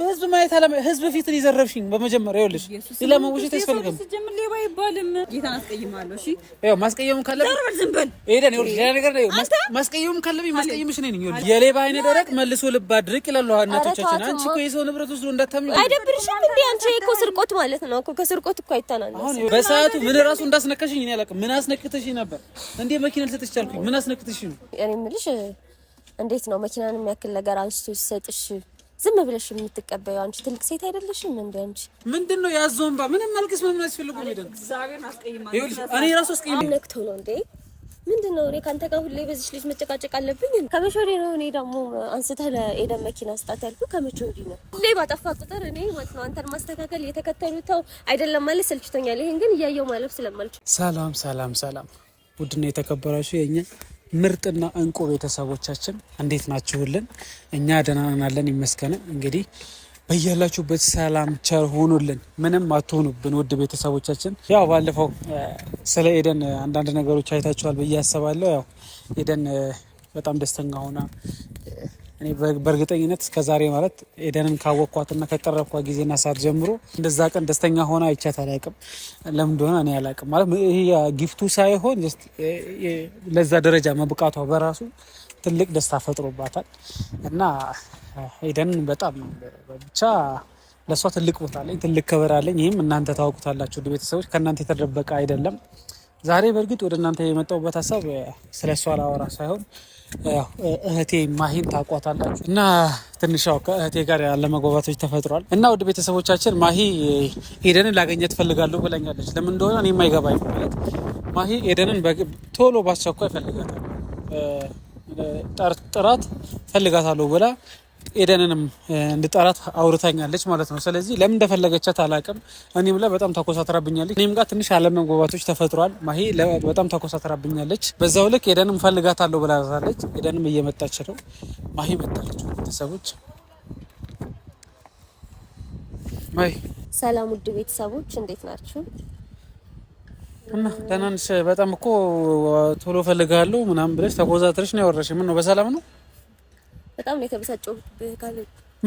በህዝብ ማየት አለ። ህዝብ ፊትን ይዘረብሽኝ። በመጀመሪያ ይኸውልሽ ሌላ መወሸት ያስፈልግም። ሌባ ይባልም ጌታን ካለብኝ ካለብኝ ማስቀየምሽ ነኝ። ይኸውልሽ የሌባ አይነ ደረቅ መልሶ ልብ አድርቅ ይላሉ እናቶቻችን። አንቺ እኮ የሰው ንብረት ውስጥ እንዳታምኝ። አይደብርሽም እንዴ? አንቺ እኮ ስርቆት ማለት ነው እኮ። ከስርቆት እኮ አይተናነስም። አሁን በሰዓቱ ምን ራሱ እንዳስነከሽኝ እኔ አላውቅም። ምን አስነክተሽኝ ነበር እንዴ? መኪና ልሰጥሽ ቻልኩኝ። ምን አስነክተሽኝ ነው? እኔ የምልሽ እንዴት ነው መኪናን የሚያክል ነገር አንስቶ ሲሰጥሽ ዝም ብለሽ የምትቀበዩ አንቺ ትልቅ ሴት አይደለሽም እንዴ? አንቺ ምንድን ነው ያዞንባ? ምንም መልክስ ምንም አያስፈልጉም። ሄደን እኔ ራሱ አስቀይማ ነክቶ ነው እንዴ? ምንድን ነው እኔ ከአንተ ጋር ሁሌ በዚች ልጅ መጨቃጨቅ አለብኝ? ከመቼ ወዲህ ነው እኔ ደግሞ አንስተህ ለኤደን መኪና ስጣት ያልኩ? ከመቼ ወዲህ ነው ሁሌ ባጠፋ ቁጥር እኔ ማለት ነው አንተን ማስተካከል የተከተሉት ተው አይደለም ማለት ሰልችቶኛል። ይሄን ግን እያየው ማለፍ ስለማልችል። ሰላም ሰላም ሰላም፣ ውድና የተከበራችሁ የእኛ ምርጥና እንቁ ቤተሰቦቻችን እንዴት ናችሁልን? እኛ ደህና ናለን ይመስገን። እንግዲህ በያላችሁበት ሰላም ቸር ሆኑልን፣ ምንም አትሆኑብን። ውድ ቤተሰቦቻችን ያው ባለፈው ስለ ኤደን አንዳንድ ነገሮች አይታችኋል ብዬ አስባለሁ። ያው ኤደን በጣም ደስተኛ ሆና እኔ በእርግጠኝነት እስከዛሬ ማለት ኤደንን ካወቅኳትና ከቀረብኳት ጊዜና ሰዓት ጀምሮ እንደዛ ቀን ደስተኛ ሆነ አይቻት አላውቅም። ለምን እንደሆነ እኔ አላውቅም። ማለት ይህ ጊፍቱ ሳይሆን ለዛ ደረጃ መብቃቷ በራሱ ትልቅ ደስታ ፈጥሮባታል እና ኤደንን በጣም ብቻ ለእሷ ትልቅ ቦታ አለኝ፣ ትልቅ ክብር አለኝ። ይህም እናንተ ታውቁታላችሁ ቤተሰቦች፣ ከእናንተ የተደበቀ አይደለም። ዛሬ በእርግጥ ወደ እናንተ የመጣሁበት ሀሳብ ስለ እሷ ላወራ ሳይሆን እህቴ ማሂን ታቋታላችሁ እና ትንሽ ያው ከእህቴ ጋር ያለመግባባቶች ተፈጥሯል እና ውድ ቤተሰቦቻችን ማሂ ኤደንን ላገኘት ፈልጋለሁ ብለኛለች። ለምን እንደሆነ እኔ የማይገባኝ ማለት ማሂ ኤደንን ቶሎ ባስቸኳይ ፈልጋታል ጥራት ፈልጋታለሁ ብላ ኤደንንም እንድጠራት አውርታኛለች ማለት ነው። ስለዚህ ለምን እንደፈለገቻት አላቅም። እኔም ላይ በጣም ተኮሳትራብኛለች። እኔም ጋር ትንሽ አለመግባባቶች ተፈጥሯል። ማሄ በጣም ተኮሳትራብኛለች። በዛው ልክ ኤደንም ፈልጋታለሁ ብላታለች። ኤደንም እየመጣች ነው። ማሄ መጣለች። ቤተሰቦች ሰላም፣ ውድ ቤተሰቦች እንዴት ናችሁ? እና ደህና ነሽ? በጣም እኮ ቶሎ ፈልጋለሁ ምናምን ብለሽ ተኮሳትረሽ ነው ያወራሽ። ምን ነው በሰላም ነው? በጣም ነው የተበሳጨሁብህ። ካለ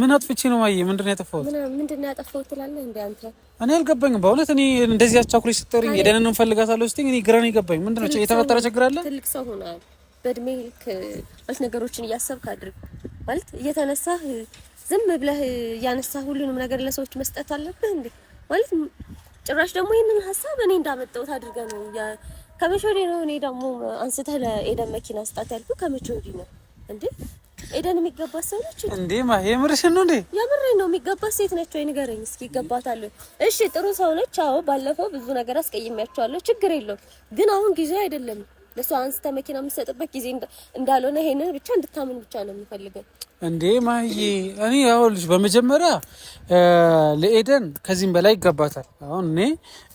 ምን አጥፍቼ ነው ማየ? ምንድን ነው ያጠፋሁት? ምንድን ነው ያጠፋሁት ትላለህ እንዴ አንተ? እኔ አልገባኝም በእውነት እኔ እንደዚህ አስቻኩለሽ ስትጠሪኝ የደህንን እንፈልጋታለሁ ስትይኝ እኔ ግራ ነው የገባኝ። ምንድን ነው የተፈጠረ ችግር አለ? ትልቅ ሰው ሆነሃል። በእድሜ ማለት ነገሮችን እያሰብክ አድርግ ማለት እየተነሳህ ዝም ብለህ እያነሳ ሁሉንም ነገር ለሰዎች መስጠት አለብህ እንዴ? ማለት ጭራሽ ደግሞ ይህንን ሀሳብ እኔ እንዳመጣሁት አድርገህ ነው። ከመቼ ወዲህ ነው እኔ ደግሞ አንስተህ ለኤደን መኪና ስጣት ያልኩህ? ከመቼ ወዲህ ነው እንዴ? ኤደን የሚገባት ሰው ነች እንዴ? ማሄ የምርሽን ነው እንዴ? የምሬ ነው። የሚገባት ሴት ነች ወይ ንገረኝ እስኪ። ይገባታል? እሺ ጥሩ ሰው ነች። አዎ ባለፈው ብዙ ነገር አስቀይሜያቸዋለሁ። ችግር የለውም ግን አሁን ጊዜው አይደለም ለሷ አንስተ መኪና የምትሰጥበት ጊዜ እንዳልሆነ ይሄንን ብቻ እንድታምን ብቻ ነው የምፈልገው። እንዴ ማዬ እኔ ይኸውልሽ፣ በመጀመሪያ ለኤደን ከዚህም በላይ ይገባታል። አሁን እኔ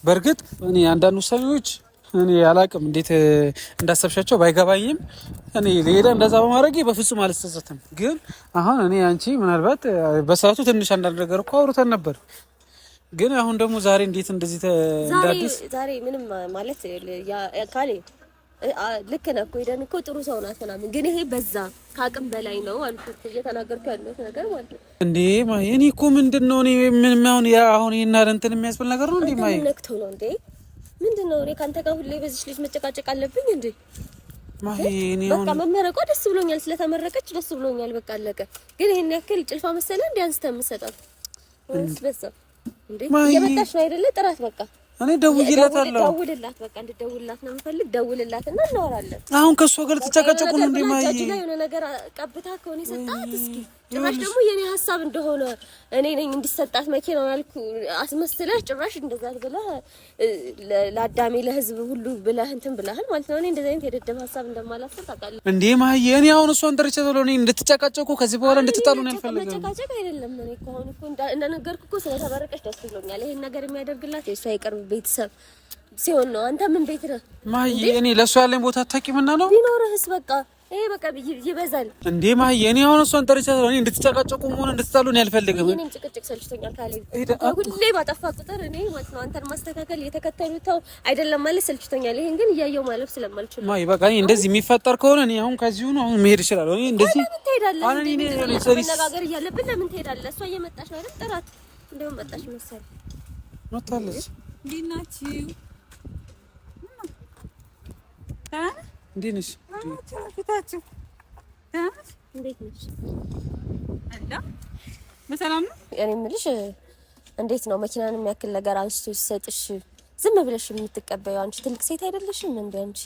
በእርግጥ እኔ አንዳንድ ውሳኔዎች እኔ አላቅም እንዴት እንዳሰብሻቸው ባይገባኝም፣ እኔ ሌላ እንደዛ በማድረጌ በፍጹም አልጸጸትም። ግን አሁን እኔ አንቺ ምናልባት በሰዓቱ ትንሽ አንዳንድ ነገር እኮ አውርተን ነበር። ግን አሁን ደግሞ ዛሬ እንዴት እንደዚህ እንዳዲስ ዛሬ ምንም ማለት ካሌ ልክ ነህ እኮ ሄደን እኮ ጥሩ ሰው ናት ምናምን፣ ግን ይሄ በዛ ከአቅም በላይ ነው አልኩት። እየተናገርኩ ያለሁት ነገር ማለት ነው እንዴ እኔ እኮ ምንድን ነው ምን ሁን አሁን ይህና እንትን የሚያስብል ነገር ነው እንዴ ማይ ነክቶ ነው እንዴ ምንድን ነው እኔ ከአንተ ጋር ሁሌ በዚች ልጅ መጨቃጨቅ አለብኝ እንዴ? በቃ መመረቋ ደስ ብሎኛል፣ ስለተመረቀች ደስ ብሎኛል። በቃ አለቀ። ግን ይሄን ያክል ጭልፋ መሰለ እንዴ አንስተህ የምትሰጣት በሰ እንዴ እየመጣች ነው አይደለ? ጥራት በቃ እኔ ደውዬላታለሁ። ደውልላት፣ በቃ እንድደውልላት ነው የምፈልግ። ደውልላት እና እናወራለን። አሁን ከእሷ ጋር ልትጨቃጨቁ ነው እንዴ? ማይ የሆነ ነገር ቀብታ ከሆነ የሰጣት እስኪ ጭራሽ ደግሞ የኔ ሀሳብ እንደሆነ እኔ ነኝ እንዲሰጣት መኪና አልኩ አስመስለህ ጭራሽ እንደዛ ብለህ ለአዳሜ ለህዝብ ሁሉ ብለህ እንትን ብለህ ማለት ነው። እኔ እንደዚህ አይነት የደደብ ሀሳብ እንደማላሰብ ታውቃለህ እንዴ ማየ። እኔ አሁን እሷን ጠርቼ ተብሎ እኔ እንድትጨቃጨቁ ከዚህ በኋላ እንድትጣሉ ነው ያልፈለገው። መጨቃጨቅ አይደለም እኔ እኮ አሁን እኮ እንደነገርኩህ እኮ ስለተባረቀች ደስ ብሎኛል። ይሄን ነገር የሚያደርግላት የእሷ የቅርብ ቤተሰብ ሲሆን ነው። አንተ ምን ቤት ነህ ማየ? እኔ ለእሷ ያለኝ ቦታ አታውቂም እና ነው ቢኖርህስ በቃ ይሄ በቃ ይበዛል እንዴ ማየ፣ እኔ አሁን እሷን ጠርቻት እኔ እንድትጨቃጨቁ መሆን እንድትጣሉ እኔ አልፈልግም። እኔም ጭቅጭቅ ሰልችቶኛል። ሁሌ ባጠፋ ቁጥር እኔ ማለት ነው አንተን ማስተካከል የተከተሉት ተው አይደለም ማለት ሰልችቶኛል። ይሄን ግን እያየው ማለፍ ስለማልችል ማየ፣ በቃ እንደዚህ የሚፈጠር ከሆነ እኔ አሁን ከዚሁ ነው አሁን መሄድ እችላለሁ። እኔ እንደዚህ ለምን ትሄዳለህ? መነጋገር እያለብን ለምን ትሄዳለህ? እሷ እየመጣች ነው አይደል? ጥራት እንደውም መጣች መሰለኝ መጣለች። እንዴት ናችሁ? እንዴት ነሽ? በሰላም ነው። እኔ የምልሽ እንዴት ነው መኪናን የሚያክል ነገር አንስቶ ሲሰጥሽ ዝም ብለሽ የምትቀበዩ አንቺ ትልቅ ሴት አይደለሽም? እንደ አንቺ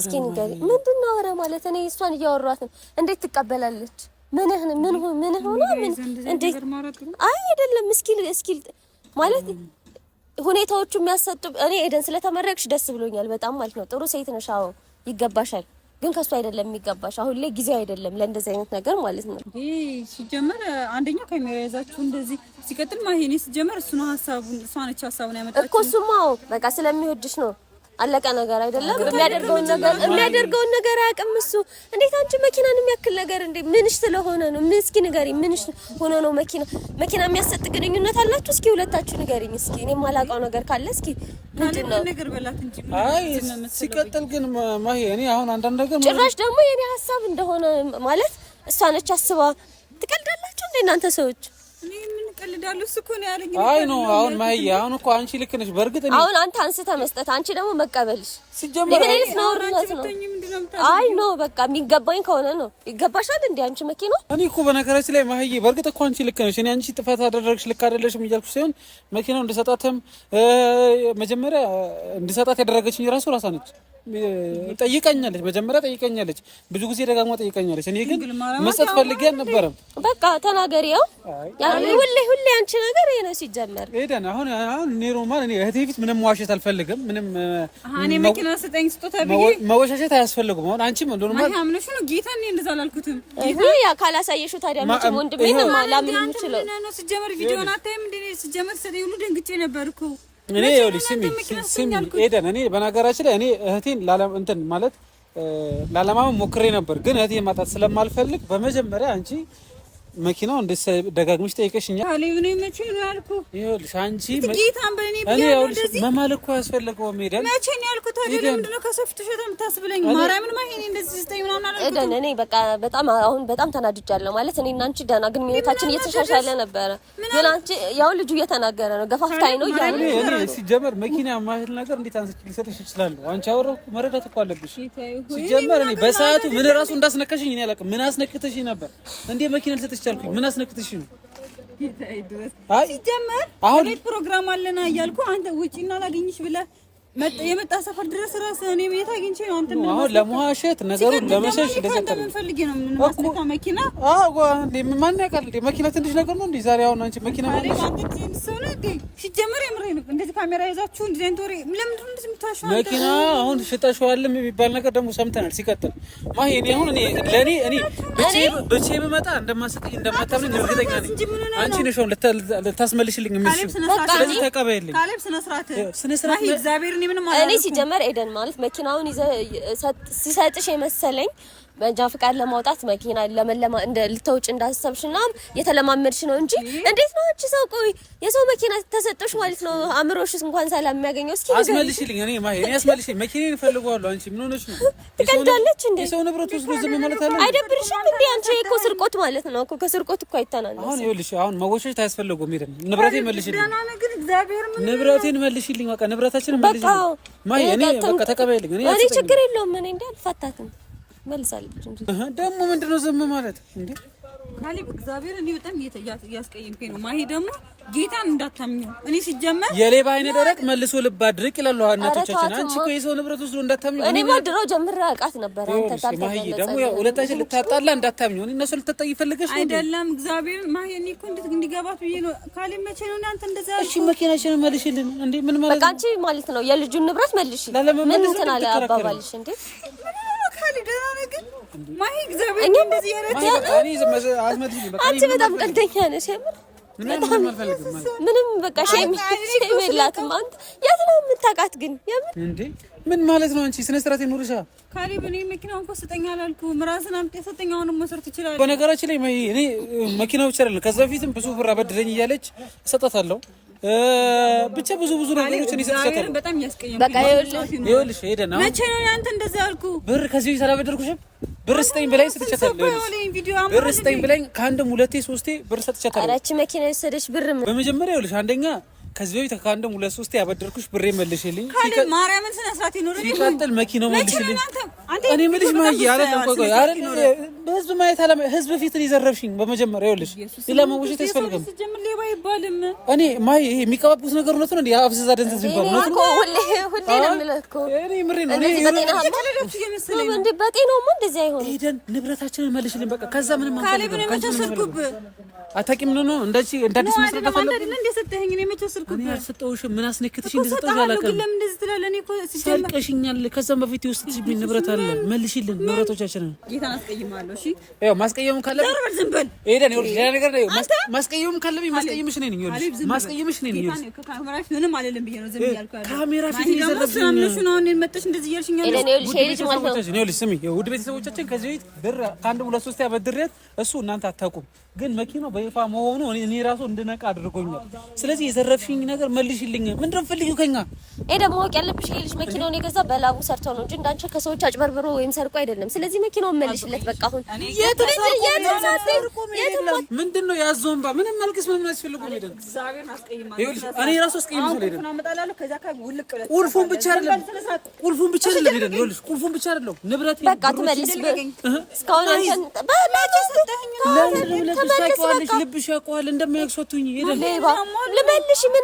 እስኪ ንገሪኝ፣ ምንድን ነው ኧረ ማለት እኔ እሷን እያወሯት እንዴት ትቀበላለች? ምንህ ምን ምን ሆነ ምን እንዴት? አይ አይደለም፣ እስኪ እስኪ ማለት ሁኔታዎቹ የሚያሰጡ እኔ ኤደን ስለተመረቅሽ ደስ ብሎኛል በጣም ማለት ነው። ጥሩ ሴት ነሽ። አዎ ይገባሻል። ግን ከሱ አይደለም የሚገባሽ። አሁን ላይ ጊዜው አይደለም ለእንደዚህ አይነት ነገር ማለት ነው። ይህ ሲጀመር አንደኛው ካሜራ ያዛችሁ እንደዚህ ሲቀጥል ማ ይሄኔ ሲጀመር እሱ ነው ሀሳቡን እሷ ነች ሀሳቡን ያመጣችው እኮ እሱማ በቃ ስለሚወድሽ ነው አለቀ ነገር አይደለም። የሚያደርገውን ነገር የሚያደርገውን ነገር አያውቅም እሱ። እንዴት አንቺ መኪናን የሚያክል ነገር እንዴ? ምንሽ ስለሆነ ነው? ምን እስኪ ንገሪኝ፣ ምንሽ ሆኖ ነው? መኪና መኪና የሚያሰጥ ግንኙነት አላችሁ? እስኪ ሁለታችሁ ንገሪኝ እስኪ። እኔ ማላውቀው ነገር ካለ እስኪ ምንድነው? ሲቀጥል ግን ማሂ፣ እኔ አሁን አንዳንድ ነገር ጭራሽ ደግሞ የኔ ሀሳብ እንደሆነ ማለት እሷ ነች አስባ። ትቀልዳላችሁ እንዴ እናንተ ሰዎች? እኮ ነው ያለኝ። አይ ነው አሁን ማየ አሁን እኮ አንቺ ልክ ነሽ። በእርግጥ አሁን አንተ አንስተህ መስጠት፣ አንቺ ደግሞ መቀበልሽ ሲጀመርስ ነውርነት ነው። አይ ነው በቃ የሚገባኝ ከሆነ ነው። ይገባሻል እንዴ አንቺ መኪና። እኔ እኮ በነገራችን ላይ ማየ፣ በእርግጥ እኮ አንቺ ልክ ነሽ። እኔ አንቺ ጥፋት አደረግሽ ልክ አይደለሽም እያልኩሽ ሳይሆን መኪናው እንድሰጣትም መጀመሪያ እንድሰጣት ያደረገችኝ ራሱ ራሷ ነች። ጠይቀኛለች። መጀመሪያ ጠይቀኛለች፣ ብዙ ጊዜ ደጋግማ ጠይቀኛለች። እኔ ግን መስጠት ፈልጌ አልነበረም። በቃ ተናገሪው ያው ሁሌ አንቺ ነገር ይሄ ነው ሲጀመር። ኤደን አሁን አሁን እኔ ሮማን እኔ እህቴ ፊት ምንም አልፈልግም። ምንም እኔ መኪና ስጠኝ ስጦታ መወሻሸት አያስፈልጉም። አሁን አንቺም እንደሆነ ማለት አምነሽ ነው ጌታ እኔ እንደዛ አላልኩትም። ያ ካላሳየሽው ታዲያ መቼም ወንድሜ ነው ማላምን የምችለው ነው ሲጀመር። ቪዲዮን አታይም እንዴ ሲጀመር። ስለ ደንግጬ ነበርኩ እኔ። ይኸውልሽ ስሚ ስሚ እኔ በነገራችን ላይ እኔ እህቴን ላለም እንትን ማለት ላለማመን ሞክሬ ነበር፣ ግን እህቴን ማጣት ስለማልፈልግ በመጀመሪያ አንቺ መኪናው እንደ ደጋግመሽ ጠይቀሽኛ ካሌብ ነው መቼ መቼ ነው ታዲያ ለምንድን ነው የምታስብለኝ? ማርያምን እንደዚህ ምናምን አለ እደን እኔ በቃ በጣም አሁን በጣም ተናድጃለሁ። ማለት እኔ እና አንቺ ደህና ግንኙነታችን እየተሻሻለ ነበረ፣ ግን አንቺ ያው ልጁ እየተናገረ ነው ገፋፍታኝ ነው እያለ እኔ ሲጀመር መኪና ማህል ነገር እንዴት አንስቼ ልሰጥሽ እችላለሁ? አንቺ አወራሁ መረዳት እኮ አለብሽ። ሲጀመር እኔ በሰዓቱ ምን ራሱ እንዳስነካሽኝ እኔ አላውቅም። ምን አስነክተሽኝ ነበር እንዴ መኪና ልሰጥሽ አልኩኝ። ምን አስነክትሽ ነው? ሲጀመር ቤት ፕሮግራም አለና እያልኩ አንተ እና ላገኝሽ ብለህ የመጣ ሰፈር ድረስ ራስ እኔ ቤት አግኝቼ ነው። አንተ አሁን ለመዋሸት ነገሩ ለመሸሽ እንደዚህ እንደምንፈልግ ነው። ምን ማስነካ መኪና? አዎ ማን ያውቃል? መኪና ትንሽ ነገር ነው እንዴ? ዛሬ አሁን አንቺ መኪና ማለት ነው። ካሜራ ይዛችሁ ዜንቶሪ ለምንድን ነው የምታሸው? መኪና አሁን ሽጠሽዋል የሚባል ነገር ደግሞ ሰምተናል። ሲቀጥል ማሂ እኔ አሁን እኔ ለእኔ እኔ ብቼ ብመጣ እንደማስቀኝ እንደማታምን እርግጠኛ ነኝ። አንቺ ነሽ ልታስመልሽልኝ የምትችይው። ስለዚህ ተቀበይልኝ። እኔ ሲጀመር ኤደን ማለት መኪናውን ሲሰጥሽ የመሰለኝ መንጃ ፈቃድ ለማውጣት መኪና ለመለማ እንደ ልታውጭ እንዳሰብሽና የተለማመድሽ ነው እንጂ እንዴት ነው አንቺ ሰው ቆይ የሰው መኪና ተሰጥሽ ማለት ነው አእምሮሽስ እንኳን ሰላም የሚያገኘው እስኪ አስመልሽልኝ እኔ ማ እኔ አስመልሽልኝ መኪናዬን እፈልገዋለሁ አንቺ ምን ሆነሽ ነው ትቀልዳለች እንዴ የሰው ንብረት ውስጥ ዝም ማለት አለ አይደብርሽም እንዴ አንቺ እኮ ስርቆት ማለት ነው እኮ ከስርቆት እኮ አይተናነስ አሁን ይኸውልሽ አሁን መወሸሽ ታያስፈልገው ምን ንብረቴን መልሽልኝ ግን እግዚአብሔር ምን ንብረቴን መልሽልኝ በቃ ንብረታችንን መልሽልኝ ማ እኔ በቃ ተቀበይልኝ እኔ ችግር የለውም እኔ እንዴ አልፋታትም መልሳለች። ደግሞ ነው ዝም ማለት እንዴ? ካሌብ እግዚአብሔር እኔ በጣም እያስቀየምከኝ ነው። ማሄ ደግሞ ጌታን እንዳታምኘው። እኔ ሲጀመር የሌባ አይነ ደረቅ መልሶ ልባ ድርቅ ይላሉ እናቶቻችን። አንቺ እኮ የሰው ንብረት ውስጥ እንዳታምኘው። እኔ ማድሮ ጀምራ አውቃት ነበር። አንተ ታጣ ደግሞ ያው ሁለታችን ልታጣላ እንዳታምኘው። እነሱ ልትጠይ ይፈልገሽ አይደለም? እግዚአብሔር ማሂ እኔ እኮ እንዴት እንዲገባት ብዬ ነው። ካሌብ መቼ ነው እናንተ እንደዛ? እሺ መኪናሽን መልሽልን እንዴ! ምን ማለት በቃ አንቺ ማለት ነው የልጁን ንብረት መልሽ። ምን እንትን አለ አባባልሽ እንዴ? ካሌብ ደህና አንቺ በጣም ቀልደኛ ነሽ። ምንም በቃ ሼም የላትም። አንተ የት ነው የምታውቃት ግን? ምን ማለት ነው? አንቺ ስነ ስርዓት ይኑርሻ። ካሌብ እኔ መኪናውን እኮ ስጠኝ አላልኩም። ራስን አምጤ ስጠኝ። አሁንም መውሰድ ትችላለህ። በነገራችን ላይ እኔ መኪናው ይችላል። ከዛ በፊትም ብዙ ብር አበድረኝ እያለች እሰጣታለሁ ብቻ ብዙ ብዙ ነገሮችን ይዘሰከረ በጣም ያስቀየም። በቃ ይኸውልሽ ሄደን አሁን መቼ ነው ያንተ እንደዚህ ያልኩ ብር ከዚህ ይሰራ በደርኩሽም ብር ስጠኝ ብላኝ ስትቸታለሁ። ብር ስጠኝ ብላኝ ከአንድም ሁለቴ ሶስቴ ብር ሰጥቻታለሁ። አራቺ መኪና የወሰደች ብር በመጀመሪያ ይኸውልሽ አንደኛ ከዚህ በፊት ከአንድም ሁለት ሶስት ያበደርኩሽ ብሬ መልሽልኝ። ማርያምን ስነ ስርዓት ሲቀጥል መኪናው መልሽልኝ። እኔ አይደለም፣ ቆይ አይደለም፣ በህዝብ ማየት አለ። ህዝብ ፊት የዘረፍሽኝ በመጀመሪያ ይኸውልሽ፣ ሌላ መወሸት አያስፈልግም። እኔ ማዬ ይሄ የሚቀባቡት ነገር እውነት ነው እንዴ? ደንዘዝ ሁሌ ሁሌ ነው የምልህ ሄደን ንብረታችንን መልሽልኝ በቃ። ከዛ ምንም አታውቂም ነው ነው እንደዚህ እንዳዲስ መስራት ፈለግ እኔ አልሰጠሁሽም። ምን አስነክትሽ እንደሰጠሁሽ አላውቅም። ለምን እንደዚህ ትላለህ? እኔ እኮ ሰርቀሽኛል። ከዛም በፊት የወሰድሽብኝ ንብረት አለ፣ መልሽልን ንብረቶቻችንን። ጌታን አስቀይማለሁ። እሺ ያው ካለብኝ ማስቀየምሽ ነኝ። ይኸውልሽ ማስቀየምሽ ነኝ። ካሜራ ፊት ምንም አልልም ብዬሽ ነው ዝም ካሜራ ፊት ነው። ይኸውልሽ ስሚ፣ ውድ ቤተሰቦቻችን ከዚህ ቤት ብር ከአንድ ሁለት ሶስት ያበድሬያት እሱ እናንተ አታውቁም፣ ግን መኪናው በይፋ መሆኑ እኔ ራሱ እንድነቃ አድርጎኛል። ስለዚህ የዘረፍሽኝ ያልሽኝ ነገር መልሽልኝ። ምንድን ነው የምትፈልጊው ከኛ? ይሄ ደግሞ ወቅ ያለብሽ ይሄ መኪናውን የገዛ በላቡ ሰርቶ ነው እንጂ እንዳንቺ ከሰዎች አጭበርብሮ ወይም ሰርቆ አይደለም። ስለዚህ መኪናውን መልሽለት በቃ። አሁን የቱ ምንድን ነው ያዘውን ባ ምንም መልክስ ምንም ያስፈልጉ ሄደን እኔ ራሱ አስቀይም ቁልፉን ብቻ አይደለም ቁልፉን ብቻ አይደለም ሄደን ይኸውልሽ፣ ቁልፉን ብቻ አይደለም ንብረት በቃ ትመልስ። እስካሁን ልብሽ ያውቀዋል እንደሚያክሶቱኝ ሄደን ልመልሽ ምን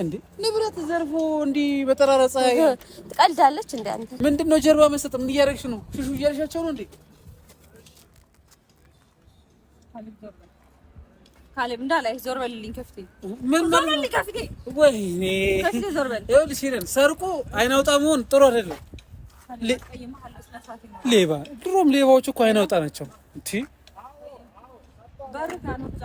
እንዴ ንብረት ዘርፎ እንዲህ በጠራራ ፀሐይ ትቀልዳለች እንዴ? አንተ ምንድን ነው ጀርባ መሰጥ? ምን እያደረግሽ ነው? ሽሹ እያልሻቸው ነው እንዴ? ካሌብ እንዳላይ ዞር በልልኝ፣ ከፍቴ ምን ዞር በልልኝ፣ ከፍቴ ወይኔ፣ ከፍቴ ዞር በል። ይኸውልሽ ሄደን ሰርቆ አይን መሆን ጥሩ አይደለም። ሌባ ድሮም ሌባዎች እኮ አይን አውጣ ናቸው። እንዴ በርታ ነው ዛ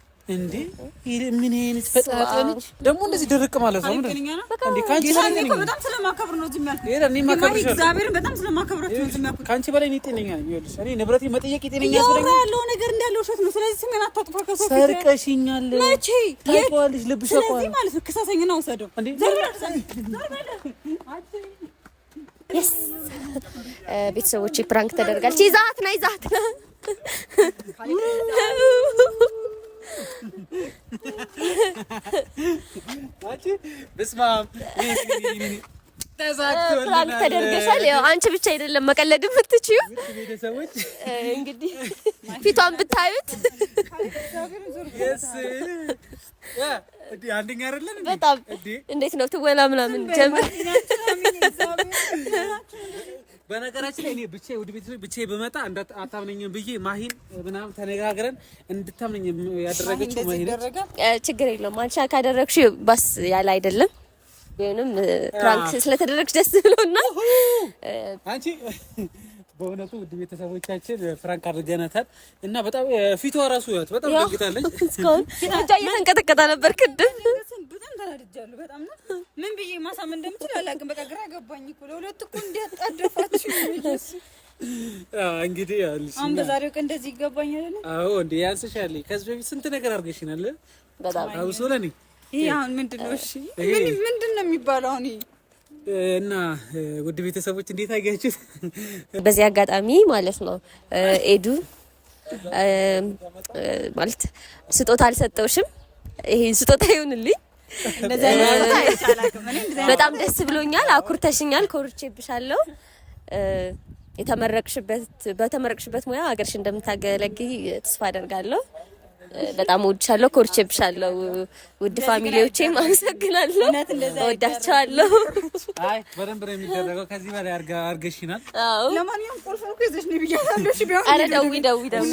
እንዴ ምን አይነት ፈጣጣ ነች ደግሞ እንደዚህ ድርቅ ማለት ነው እንዴ ካንቺ በጣም ስለማከብር ነው ዝም ያልኩት ይሄ እኔ ማከብር እግዚአብሔርን በጣም ነው ዝም ያልኩት ካንቺ በላይ ጤነኛ ነኝ ይኸውልሽ እኔ መጠየቅ ጤነኛ ያለው ነገር ነው ስለዚህ ስሜን አታጥፋ ከሰው ፊት ሰርቀሽኛል መቼ ልብሽ ስለዚህ ማለት ነው እንዴ ቤተሰቦቼ ፕራንክ ተደርጋለች ይዛት ና ይዛት ና ፕራንክ ተደርገሻል። ያው አንቺ ብቻ አይደለም መቀለድ የምትችይው እንግዲህ ፊቷን ብታዩት አንደኛ አይደለም በጣም እንዴት ነው ትወና ምናምን ጀምር በነገራችን ላይ እኔ ብቻ ወደ ቤተሰብ ብቻ በመጣ አታምነኝም ብዬ ማሂን ምናምን ተነጋግረን እንድታምነኝ ያደረገችው ማሂን ችግር የለውም። አንቺ ካደረግሽ ባስ ያለ አይደለም ቢሆንም ፕራንክ ስለተደረግሽ ደስ ብሎና አንቺ በእውነቱ ውድ ቤተሰቦቻችን ፍራንክ አድርገናታል እና በጣም ፊቷ ራሱ ያት በጣም ደግታለች። እስካሁን እጇ እየተንቀጠቀጣ ነበር ክድም ተናድጃለሁ በጣም ነው። ምን ብዬ ማሳመን እንደምችል አላውቅም። በቃ ግራ ገባኝ እኮ ለሁለት እኮ እንዲያጣደፋችሁ እንግዲህ አሁን በዛሬው ቀን እንደዚህ ይገባኛል አዎ እንዴ ያንስሻል። ከዚህ በፊት ስንት ነገር አድርገሽናል። በጣም አብሶ ለኔ ይሄ አሁን ምንድነው? እሺ ምን ምንድነው የሚባለው አሁን እና ውድ ቤተሰቦች እንዴት አያችሁት? በዚህ አጋጣሚ ማለት ነው ኤዱ ማለት ስጦታ አልሰጠውሽም። ይሄን ስጦታ ይሁንልኝ። በጣም ደስ ብሎኛል። አኩርተሽኛል፣ ኮርቼብሻለሁ። የተመረቅሽበት በተመረቅሽበት ሙያ ሀገርሽ እንደምታገለግይ ተስፋ አደርጋለሁ። በጣም ወድሻለሁ፣ ኮርቼብሻለሁ። ውድ ፋሚሊዎቼም አመሰግናለሁ፣ ወዳቸዋለሁ። አይ በደንብ ነው የሚደረገው። ከዚህ በላይ አርገሽናል። ለማንኛውም ቁልፍ ነው። ከዚህ ነው ቢያታለሽ ቢሆን አረ ደዊ ደዊ ደዊ